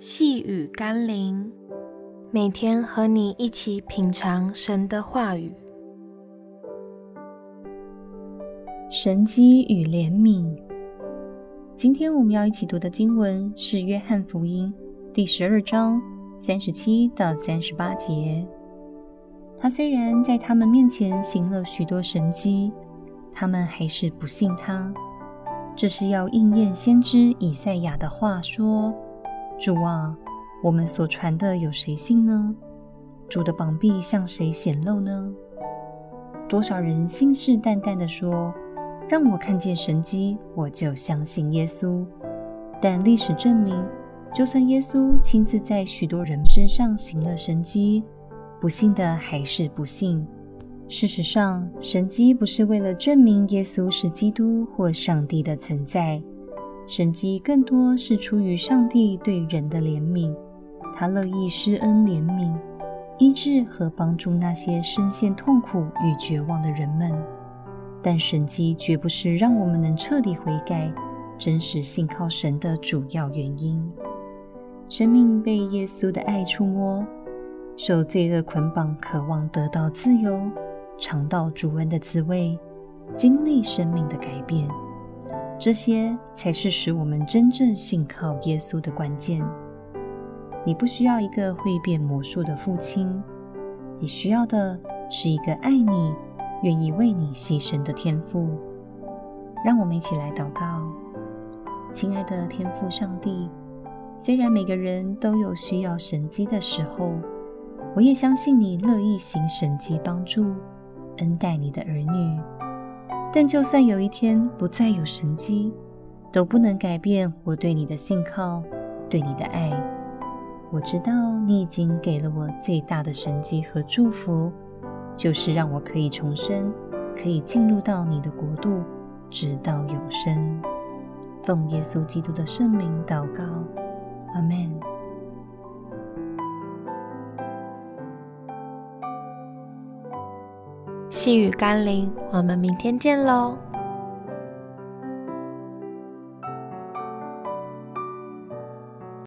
細語甘霖，每天和你一起品嘗神的話語、神蹟與憐憫。今天我們要一起讀的經文是《約翰福音》第十二章三十七到三十八節。他雖然在他們面前行了許多神蹟，他們還是不信他。這是要應驗先知以賽亞的話說。主啊，我們所傳的有誰信呢？主的膀臂向誰顯露呢？多少人信誓旦旦的說：“讓我看見神蹟，我就相信耶穌。”但歷史證明，就算耶穌親自在許多人身上行了神蹟，不信的還是不信。事實上，神蹟不是為了證明耶穌是基督或上帝的存在。神蹟更多是出於上帝對人的憐憫，他樂意施恩憐憫、醫治和幫助那些深陷痛苦與絕望的人們。但神蹟絕不是讓我們能徹底悔改、真實信靠神的主要原因。生命被耶穌的愛觸摸，受罪惡捆綁，渴望得到自由，嘗到主恩的滋味，經歷生命的改變。這些才是使我們真正信靠耶穌的關鍵。你不需要一個會變魔術的父親，你需要的是一個愛你、願意為你犧牲的天父。讓我們一起來禱告：親愛的天父上帝，雖然每個人都有需要神蹟的時候，我也相信你樂意行神蹟幫助、恩待你的兒女。但就算有一天不再有神蹟，都不能改變我對你的信靠，對你的愛。我知道你已經給了我最大的神蹟和祝福，就是讓我可以重生，可以進入到你的國度，直到永生。奉耶穌基督的聖名禱告，阿們。細語甘霖，我們明天見嘍。